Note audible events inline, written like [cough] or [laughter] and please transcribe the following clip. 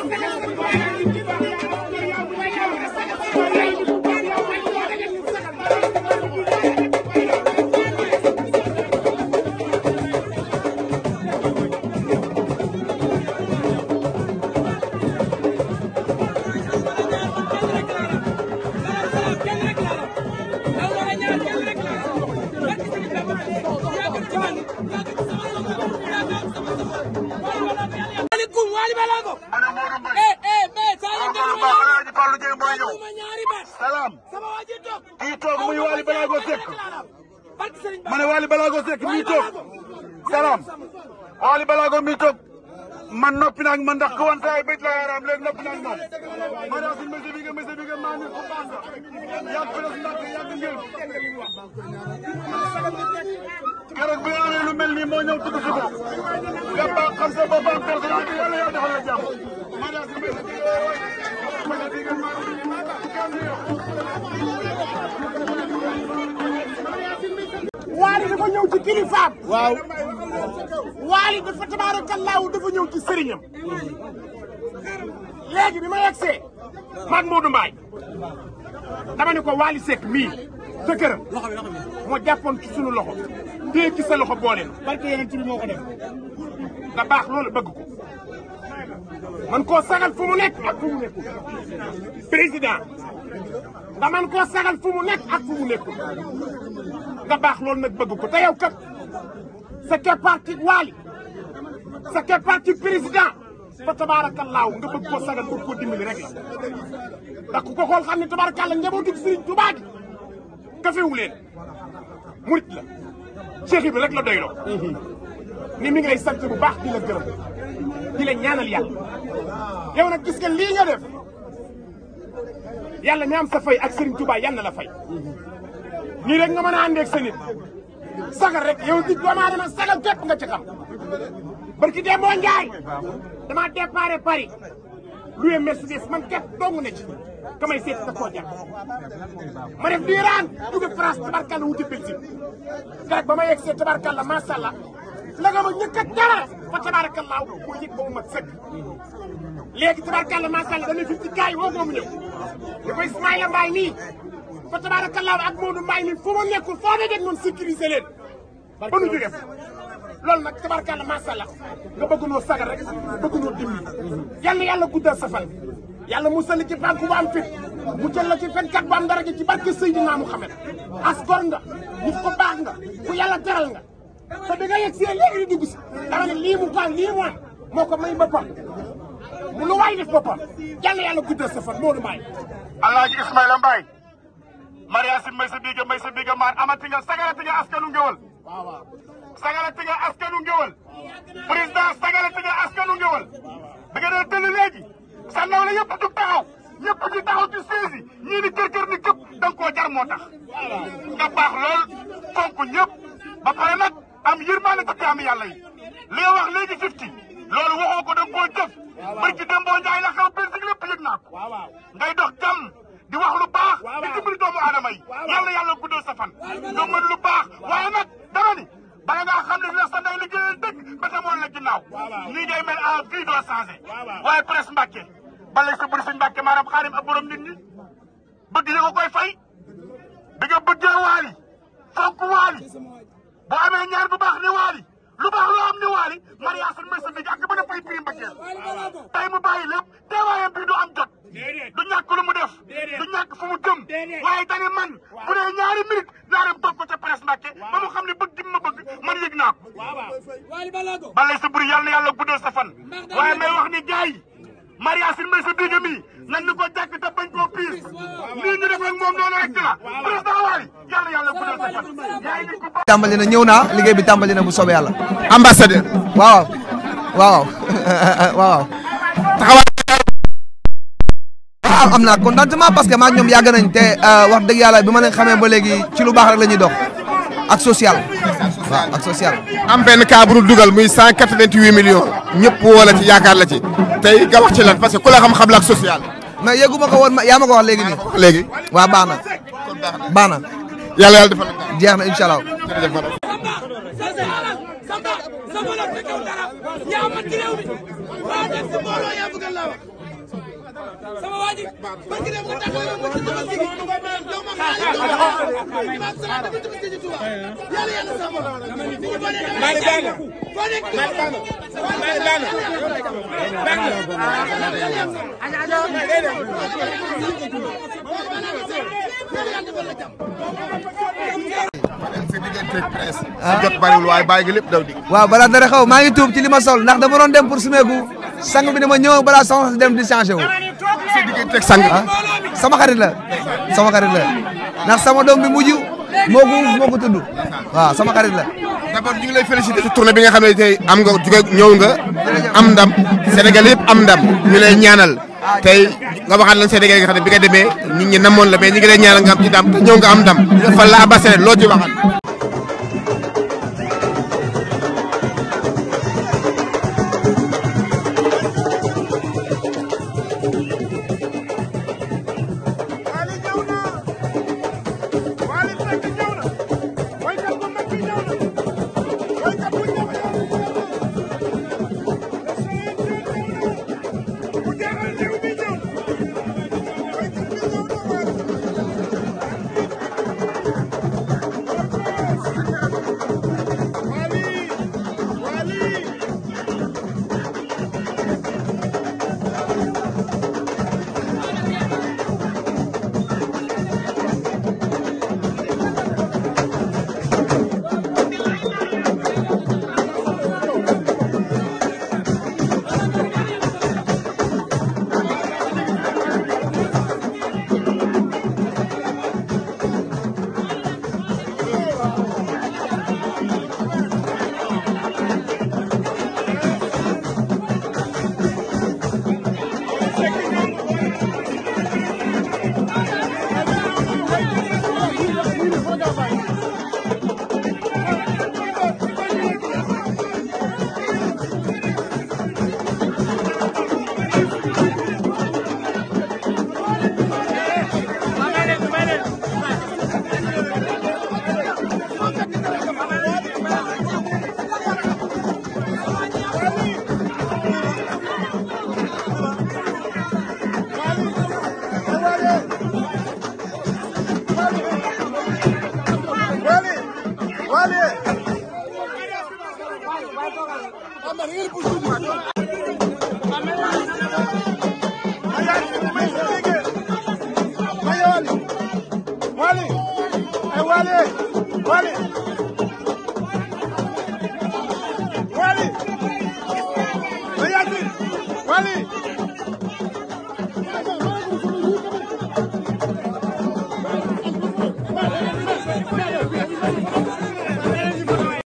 Alikum wali balago Fallou Dieng mooy ñëw salaam kii toog muy Waly Balago Seck ma ne Waly Balago Seck mii toog salaam Waly Balago mii toog man noppi naa man ndax ku wan saa yi la yaram léegi noppi naa man ma daa suñu monsieur bi nga monsieur bi nga maa ngi ko bànn yàgg presse ndax yàgg njël keroog bi amee lu mel nii moo ñëw tudd si ko nga xam sa boppam personnalité yàlla yaa defal la jàmm ma daa waali dafa ñëw ci kilifaam. waaw. waali dafa tabaarakallaahu dafa ñëw ci sëriñam. léegi bi ma yegsee. man Modou Mbaye. dama ne ko waali Seck mii sa moo jàppoon ci sunu loxo. téye ci sa loxo boole. barke yeneen ci bi moo ko def. baax loolu bëgg ko. man koo sagal fu mu nekk ak fu mu nekkul président nga man koo sagal fu mu nekk ak fu mu nekkul nga baax loolu nag bëgg ko te yow kat sa keppaar ci waali sa keppaar ci président fa tabaarakallaahu nga bëgg koo sagal bëgg koo dimbali rek la ndax ku ko xool xam ne tabaarakallaa njabootu Sëriñ Tuubaa gi kafewu leen murit la Cheikh Ibra rek la doyloo mhm. ni mi ngi lay sant bu baax di la gërëm di la ñaanal yàlla yow nag gis nga lii def yàlla mi am sa fay ak Serigne Touba yàlla na la fay nii rek nga mën a àndeeg sa nit sagar rek yow di doomu aadama sagal képp nga ci xam barki dee moo njaay dama déparé Paris loué man képp dong ne ci kamay seet da koo ma def diiraan jóge France tabarkalla wuti Belgique rek ba ma yegg see tabarkalla macha allah la nga ma ñëkk a dara fa tabaarakallaaw mu yëg ba mu mat sëkk léegi tabaarakalla macha allah dana gis ci gars yi woo ko mu ñëw fa tabaarakallaaw ak Modou leen ba nu jógee loolu nag tabaarakalla macha allah nga bëgg noo sagal rek bëgg noo dimbali yàlla yàlla guddal sa fan yàlla musal la ci banque bu am fit mu jël la ci fenkat bu am dara ci barke Seydina Muhammad as gor nga nit ko baax nga ku yàlla teral nga te da nga yegg si léegi dugg si dama ne lii mu baal lii mu am moo ko may boppam mu lu waay def boppam yàlla yàlla guddal sa fan moo lu may. Alaaji Ismaïla Mbaye. Maria si may sa biiga may sa biiga maar amati nga sagalati nga askanu ngewal. sagalati nga askanu ngewal. président sagalati nga askanu barki Demba Ndiaye la xew Belgique lépp yëg naa ko ngay dox jàmm di wax lu baax di dimbali doomu aadama yi yàlla yàlla guddal sa fan nga mën lu baax waaye nag dama ni bala ngaa xam ne fi la sa ndey liggéeyal ba tamoon la ginnaaw nii ngay mel en vie doo waaye presse Mbàkke balay sa buri suñ Mbàkke maanaam xaarim ab borom nit ñi bëgg koy fay bi nga bëggee waali fonk waali boo amee ñaar bu baax ne waali lu baax loo am ne waali Marie Assane mooy sa nit a mën a fay prime ba keel tey mu bàyyi lépp teewaayam bi am jot du ñàkk lu mu def du ñàkk fu mu jëm waaye dane man bu dee ñaari minute ñaaram topp ko ca presse Mbàkke ba mu xam ne bëgg gi ma bëgg man yëg naa ko balay sa buri yàlla na yàlla guddal sa fan waaye may wax ni gars yi Marie Assane mooy sa dégg nan ñu ko jàkk te bañ koo piir nii ñu def ak moom noonu rek la président waali yàlla yàlla guddal tàmbali na ñëw naa liggéey bi tàmbali na bu soobee yàlla. ambassadeur. waaw waaw [laughs] waaw. taxawaay. waaw am naa contentement parce que maa ñoom yàgg nañ te euh, wax dëgg yàlla bi ma leen xamee ba léegi ci lu baax rek la ñuy dox ak social. waaw ak social. am benn cas bu nu dugal muy 188 millions ñëpp woo la ci yaakaar la ci tey nga wax ci lan parce que ku la xam-xam la ak social. mais yëgu ma ko woon ma yaa ma ko wax léegi nii. léegi waaw baax na. baax na. yàlla yàlla defal la jeex na incha allah jërëjëf madame. sa sa alal sa ba sa mën a fekkew dara yaa man ci réew mi waa dem si mbooloo yaa bëgg laa wax sama waa ji parce que dem nga taxawal ma ci sama sigi doo ma xaali doo ma xaali ma sama dama tëb sigi tuba yàlla yàlla sama ni ñu boole dama mari bana mari bana mari bana bana ana ana ana tey presse. ah jot bariwul waaye lépp daw di. waaw balaa dara xaw maa ngi tuub ci li ma sol ndax dama doon dem pour sumeeku sang bi dama ñëw balaa soxna si dem di changé wu. sa diggante ak sang ah, sama xarit la sama xarit la ndax sama doom bi mujj moo ko moo ko tudd waaw sama xarit la. d'abord ñu ngi lay féliciter ci bi nga xam ne tey am nga jóge ñëw nga am ndam Sénégal yëpp am ndam ñu lay ñaanal tey nga waxaat lan Sénégal yi bi nga demee nit ñi namoon la mais ñi ngi lay ñaanal nga am ci te ñëw nga am ndam. fa la abassé loo ci waxaat. Wale! Wale!